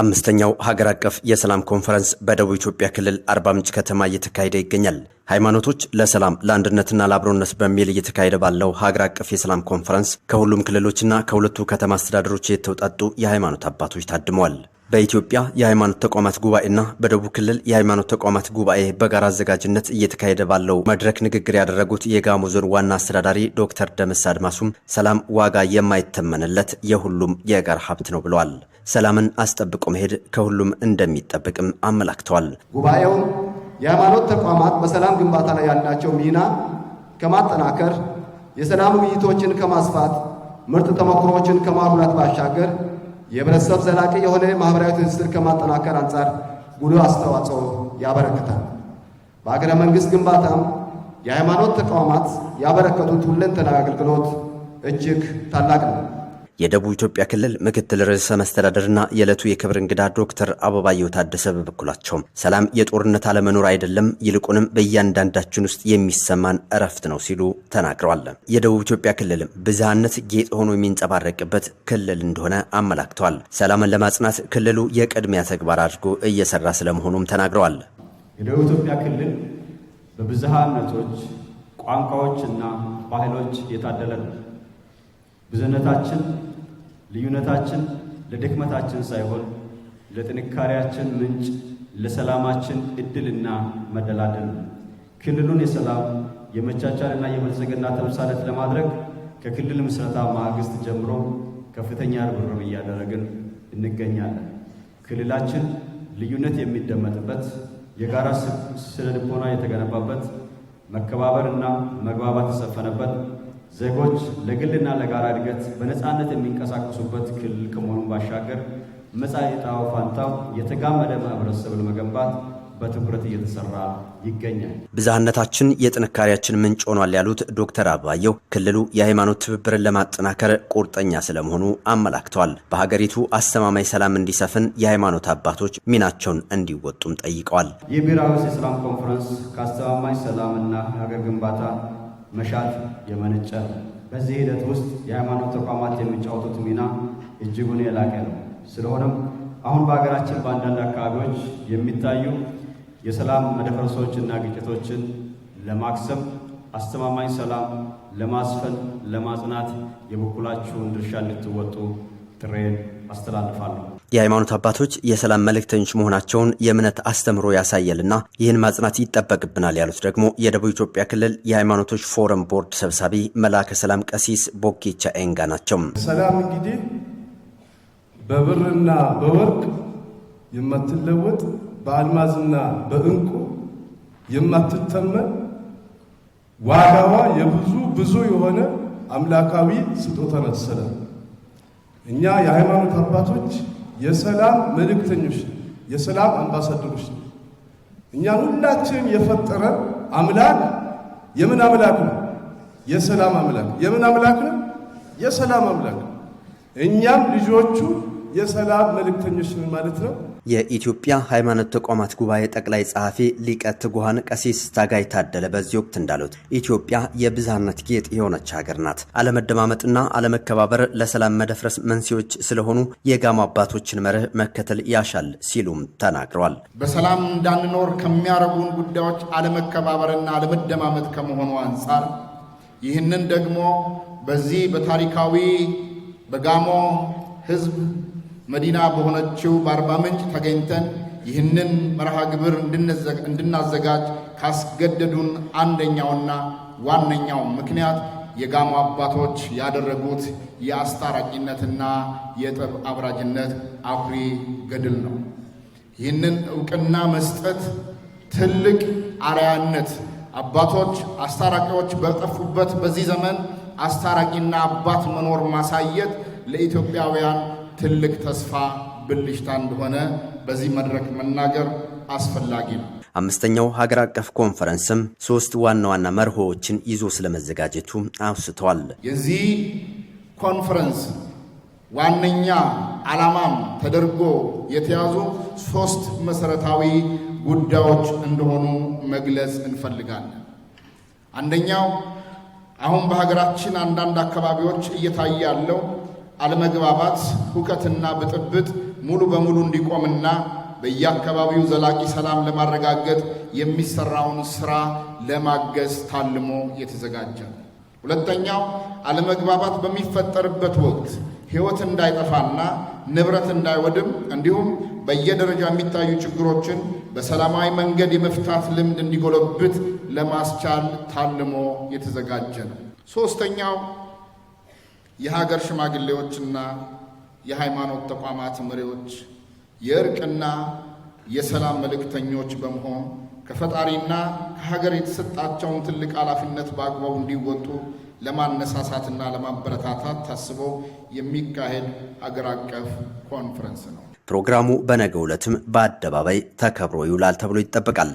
አምስተኛው ሀገር አቀፍ የሰላም ኮንፈረንስ በደቡብ ኢትዮጵያ ክልል አርባ ምንጭ ከተማ እየተካሄደ ይገኛል። ሃይማኖቶች ለሰላም ለአንድነትና ለአብሮነት በሚል እየተካሄደ ባለው ሀገር አቀፍ የሰላም ኮንፈረንስ ከሁሉም ክልሎችና ከሁለቱ ከተማ አስተዳደሮች የተውጣጡ የሃይማኖት አባቶች ታድመዋል። በኢትዮጵያ የሃይማኖት ተቋማት ጉባኤና በደቡብ ክልል የሃይማኖት ተቋማት ጉባኤ በጋራ አዘጋጅነት እየተካሄደ ባለው መድረክ ንግግር ያደረጉት የጋሞ ዞን ዋና አስተዳዳሪ ዶክተር ደምስ አድማሱም ሰላም ዋጋ የማይተመንለት የሁሉም የጋራ ሀብት ነው ብለዋል። ሰላምን አስጠብቆ መሄድ ከሁሉም እንደሚጠበቅም አመላክተዋል። ጉባኤውም የሃይማኖት ተቋማት በሰላም ግንባታ ላይ ያላቸው ሚና ከማጠናከር፣ የሰላም ውይይቶችን ከማስፋት፣ ምርጥ ተሞክሮዎችን ከማጉላት ባሻገር የህብረተሰብ ዘላቂ የሆነ ማህበራዊ ትስስር ከማጠናከር አንጻር ጉልህ አስተዋጽኦ ያበረክታል። በሀገረ መንግስት ግንባታም የሃይማኖት ተቋማት ያበረከቱት ሁለንተናዊ አገልግሎት እጅግ ታላቅ ነው። የደቡብ ኢትዮጵያ ክልል ምክትል ርዕሰ መስተዳደርና የዕለቱ የክብር እንግዳ ዶክተር አበባየው ታደሰ በበኩላቸው ሰላም የጦርነት አለመኖር አይደለም፣ ይልቁንም በእያንዳንዳችን ውስጥ የሚሰማን እረፍት ነው ሲሉ ተናግረዋል። የደቡብ ኢትዮጵያ ክልልም ብዝሃነት ጌጥ ሆኖ የሚንጸባረቅበት ክልል እንደሆነ አመላክተዋል። ሰላምን ለማጽናት ክልሉ የቅድሚያ ተግባር አድርጎ እየሰራ ስለመሆኑም ተናግረዋል። የደቡብ ኢትዮጵያ ክልል በብዝሃነቶች ቋንቋዎችና ባህሎች የታደለ ነው። ብዝነታችን ልዩነታችን ለድክመታችን ሳይሆን ለጥንካሬያችን ምንጭ፣ ለሰላማችን እድልና መደላደል ነው። ክልሉን የሰላም የመቻቻልና የብልጽግና ተምሳሌት ለማድረግ ከክልል ምስረታ ማግስት ጀምሮ ከፍተኛ ርብርብ እያደረግን እንገኛለን። ክልላችን ልዩነት የሚደመጥበት የጋራ ስነ ልቦና የተገነባበት መከባበርና መግባባት የሰፈነበት ዜጎች ለግልና ለጋራ እድገት በነፃነት የሚንቀሳቀሱበት ክልል ከመሆኑን ባሻገር መጻኢ ዕጣው ፋንታው የተጋመደ ማህበረሰብ ለመገንባት በትኩረት እየተሰራ ይገኛል። ብዝሃነታችን የጥንካሬያችን ምንጭ ሆኗል ያሉት ዶክተር አበባየሁ ክልሉ የሃይማኖት ትብብርን ለማጠናከር ቁርጠኛ ስለመሆኑ አመላክተዋል። በሀገሪቱ አስተማማኝ ሰላም እንዲሰፍን የሃይማኖት አባቶች ሚናቸውን እንዲወጡም ጠይቀዋል። የብሔራዊ የሰላም ኮንፈረንስ ከአስተማማኝ ሰላምና ሀገር ግንባታ መሻት የመነጨ በዚህ ሂደት ውስጥ የሃይማኖት ተቋማት የሚጫወቱት ሚና እጅጉን የላቀ ነው። ስለሆነም አሁን በሀገራችን በአንዳንድ አካባቢዎች የሚታዩ የሰላም መደፈረሶችና ግጭቶችን ለማክሰም አስተማማኝ ሰላም ለማስፈን፣ ለማጽናት የበኩላችሁን ድርሻ እንድትወጡ ጥሬን አስተላልፋለሁ። የሃይማኖት አባቶች የሰላም መልእክተኞች መሆናቸውን የእምነት አስተምሮ ያሳያልና ይህን ማጽናት ይጠበቅብናል ያሉት ደግሞ የደቡብ ኢትዮጵያ ክልል የሃይማኖቶች ፎረም ቦርድ ሰብሳቢ መላከ ሰላም ቀሲስ ቦኬቻ ኤንጋ ናቸው። ሰላም እንግዲህ በብርና በወርቅ የማትለወጥ በአልማዝና በእንቁ የማትተመን ዋጋዋ የብዙ ብዙ የሆነ አምላካዊ ስጦታ ናት። ሰላም እኛ የሃይማኖት አባቶች የሰላም መልእክተኞች፣ የሰላም አምባሳደሮች ነው። እኛን ሁላችንም የፈጠረ አምላክ የምን አምላክ ነው? የሰላም አምላክ። የምን አምላክ ነው? የሰላም አምላክ። እኛም ልጆቹ የሰላም መልእክተኞች ነን ማለት ነው። የኢትዮጵያ ሃይማኖት ተቋማት ጉባኤ ጠቅላይ ጸሐፊ ሊቀ ትጉሃን ቀሲስ ታጋይ ታደለ በዚህ ወቅት እንዳሉት ኢትዮጵያ የብዝሃነት ጌጥ የሆነች ሀገር ናት። አለመደማመጥና አለመከባበር ለሰላም መደፍረስ መንስኤዎች ስለሆኑ የጋሞ አባቶችን መርህ መከተል ያሻል ሲሉም ተናግረዋል። በሰላም እንዳንኖር ከሚያረጉን ጉዳዮች አለመከባበርና አለመደማመጥ ከመሆኑ አንጻር ይህንን ደግሞ በዚህ በታሪካዊ በጋሞ ህዝብ መዲና በሆነችው በአርባ ምንጭ ተገኝተን ይህንን መርሃ ግብር እንድናዘጋጅ ካስገደዱን አንደኛውና ዋነኛው ምክንያት የጋሞ አባቶች ያደረጉት የአስታራቂነትና የጥብ አብራጅነት አኩሪ ገድል ነው። ይህንን እውቅና መስጠት ትልቅ አርያነት አባቶች አስታራቂዎች በጠፉበት በዚህ ዘመን አስታራቂና አባት መኖር ማሳየት ለኢትዮጵያውያን ትልቅ ተስፋ ብልሽታ እንደሆነ በዚህ መድረክ መናገር አስፈላጊ ነው። አምስተኛው ሀገር አቀፍ ኮንፈረንስም ሶስት ዋና ዋና መርሆዎችን ይዞ ስለመዘጋጀቱ አውስተዋል። የዚህ ኮንፈረንስ ዋነኛ ዓላማም ተደርጎ የተያዙ ሶስት መሰረታዊ ጉዳዮች እንደሆኑ መግለጽ እንፈልጋለን። አንደኛው አሁን በሀገራችን አንዳንድ አካባቢዎች እየታየ ያለው አለመግባባት፣ ሁከትና ብጥብጥ ሙሉ በሙሉ እንዲቆምና በየአካባቢው ዘላቂ ሰላም ለማረጋገጥ የሚሰራውን ስራ ለማገዝ ታልሞ የተዘጋጀ ነው። ሁለተኛው አለመግባባት በሚፈጠርበት ወቅት ሕይወት እንዳይጠፋና ንብረት እንዳይወድም እንዲሁም በየደረጃ የሚታዩ ችግሮችን በሰላማዊ መንገድ የመፍታት ልምድ እንዲጎለብት ለማስቻል ታልሞ የተዘጋጀ ነው። ሦስተኛው የሀገር ሽማግሌዎችና የሃይማኖት ተቋማት መሪዎች የእርቅና የሰላም መልእክተኞች በመሆን ከፈጣሪና ከሀገር የተሰጣቸውን ትልቅ ኃላፊነት በአግባቡ እንዲወጡ ለማነሳሳትና ለማበረታታት ታስቦ የሚካሄድ ሀገር አቀፍ ኮንፈረንስ ነው። ፕሮግራሙ በነገ ዕለትም በአደባባይ ተከብሮ ይውላል ተብሎ ይጠበቃል።